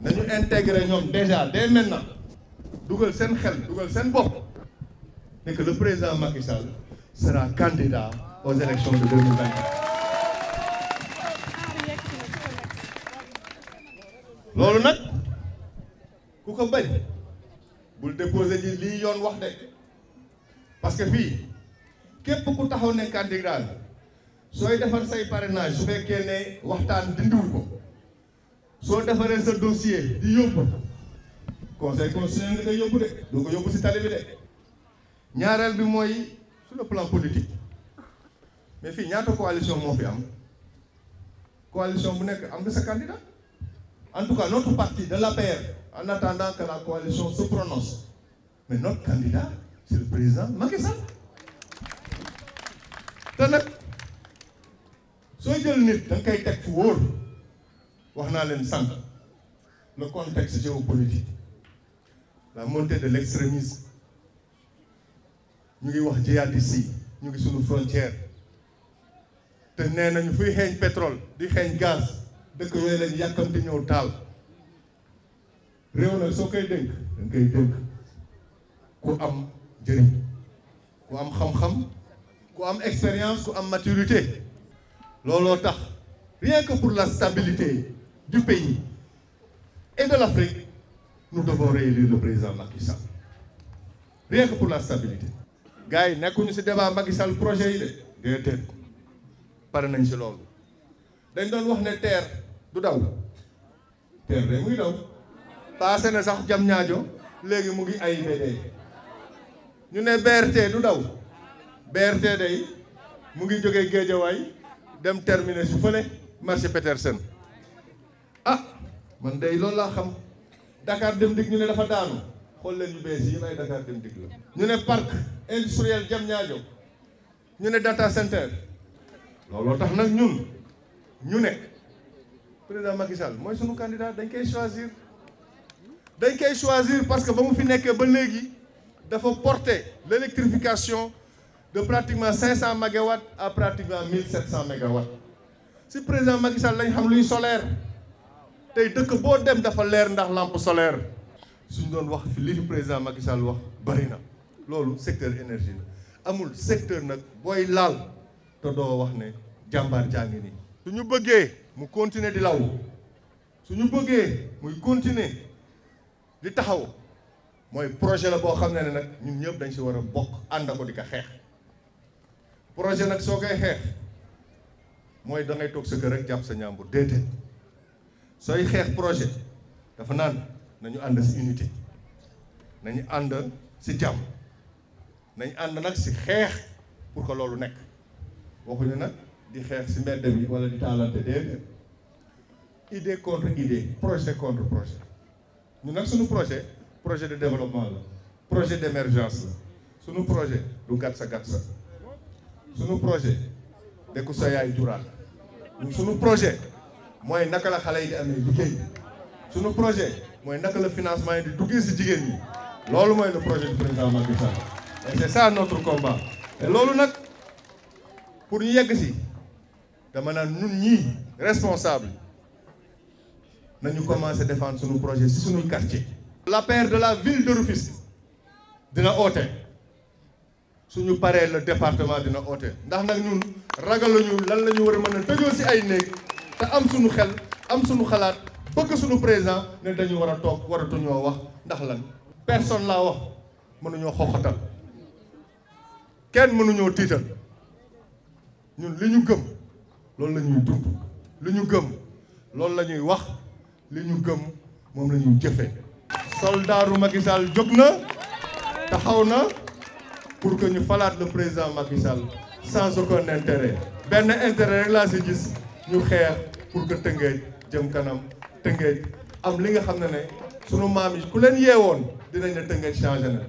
nañu intégrer ñoom déjà dès na dugal seen xel dugal seen bopp et le président Macky Sall sera candidat aux élections de 2024 loolu nag ku ko bañ bul déposer ji lii yoon wax de parce que fii képp ku taxaw ne candidat sooy defar say parrainage su fekkee ne waxtaan dindiwu ko soit fait ce dossier du yóbbu conseil constitutionnel de doo Il y si un bi de ñaareel bi sur le plan politique mais a ñaata coalition moo coalition bu nekk am na candidat en tout cas notre parti de la paix, en attendant que la coalition se prononce mais notre candidat c'est le président Macky Sall Donc, soyez le jël nit da nga wax naa leen sànq le contexte géopolitique la montée de l'extrémisme ñu ngi wax jihadistes yi ñu ngi suñu frontière te nee nañu fuy xeeñ pétrole di xeeñ gaz dëkk yooyu leen yàkkamti ñëw taal réew la soo koy dénk dañ koy dénk am njëriñ ko am xam-xam ko am expérience ko am maturité looloo tax rien que pour la stabilité du pays et de l'Afrique, nous devons réélire le président Macky Sall. Rien que pour la stabilité. gars yi le Macky Sall projet de nañ ci loolu dañ wax terre. terre de muy daw passé na sax BRT du daw BRT day mu Nous dem terminé su marché man day loolu laa xam Dakar dem dig ñu ne dafa daanu xool leen ñu bees yi may Dakar dem dig la ñu ne parc industriel Diamniadio ñu ne data center looloo tax nag ñun ñu ne président Macky Sall mooy sunu candidat dañ koy choisir dañ koy choisir parce que ba mu fi nekkee ba léegi dafa porter l'électrification de pratiquement 500 mégawatts à pratiquement 1700 mégawatts si président Macky Sall lañ xam luy solaire tey dëkk boo dem dafa leer ndax lampe solaire suñ doon wax fi li fi président Macky Sall wax bari na loolu secteur énergie amul secteur nak booy lal te doo wax ne jàmbaar jaa ngi nii su mu continuer di law su ñu bëggee muy continuer di taxaw mooy projet la boo xam nak ne nag ñun ñëpp dañ si war a bokk ànd ko di ko xeex projet nag soo koy xeex da ngay toog sa kër rek jàpp sa ñaambur déedéet sooy xeex projet dafa naan nañu ànd si unité nañu ànd si jàmm nañu ànd pour que loolu nekk di idée contre idée projet contre projet ñu nag suñu projet projet de développement la projet d'émergence la suñu projet du gatsa suñu projet dëkku sa yaay projet moy naka la xale yi di amé liggéey suñu projet moy naka la financement yi di duggee si jigéen ñi loolu mooy le projet du président Macky Sall et c'est ça notre combat te loolu nag pour ñu yegg ci dama naan ñun ñi responsable nañu commencé défendre suñu projet ci suñu quartier. la paire de la ville de Rufisque dina oote suñu paré le département dina oote ndax nak ñun ragaluñu lan la ñu war a mën a tëjoo si ay néeg. te am suñu xel am suñu xalaat bëgg suñu président ne dañu war a toog waratuñoo wax ndax lan personne laa wax mënuñoo xoxatal kenn mënuñoo tiital ñun li ñu gëm loolu la ñuy dund li ñu gëm loolu la ñuy wax li ñu gëm moom la ñuy jëfee soldaaru Macky Sall jóg na taxaw na pour que ñu falaat lu président Macky Sall sans aucun intérêt benn intérêt rek laa si gis ñu xeex pour que Tëngéej jëm kanam Tëngéej am li nga xam ne ne sunu maam yi ku leen yee woon dinañ ne Tëngéej changé na